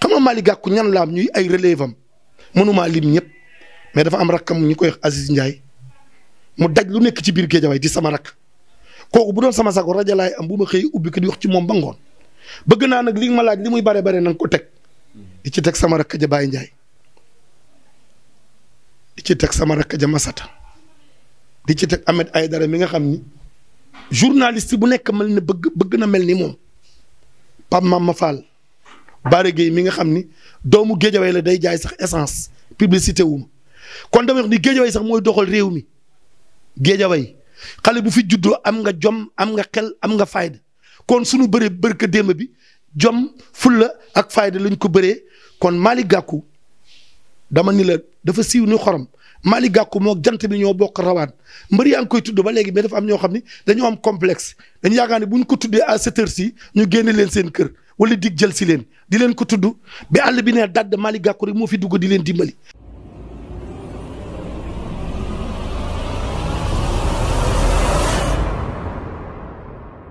xam nga Malick Gakou ñan laam ñuy ay relève am mënumaa lim ñëpp mais dafa am rakkam ñu koy wax Aziz mu daj lu nekk ci biir géejawaay di sama rakk kooku bu doon sama sago rajo laay am bu ma xëy ubbi ko di wax ci moom ba ngoon bëgg naa nag li ma laaj li muy bare bare na nga ko teg di ci teg sama rakk ja Baye Ndiaye di ci teg sama rakk ja Masata di ci teg Ahmed Aydara mi nga xam ni journaliste bu nekk mel ne bëgg bëgg na mel ni moom Pape Mama Fall Bara Gueye mi nga xam ni doomu géejawaay la day jaay sax essence publicité wu kon dama wax ni géejawaay sax mooy doxal réew mi géejawaay xale bu fi juddoo am nga jom am nga xel am nga fayda kon sunu bëree bërka démb bi jom fulla ak fayda lañ ko bëree kon Malick gàkku dama ni la dafa siiw ni xorom Malick Gakou moo jant bi ñoo bokk rawaan mbër yaa ngi koy tudd ba léegi mais dafa am ñoo xam ni dañoo am complexe dañu yaakaar ne bu ñu ko tuddee à cette heure ñu génne leen seen kër wala dig jël si leen di leen ko tudd bi àll bi ne dadd Malick Gakou rek moo fi dugg di leen dimbali.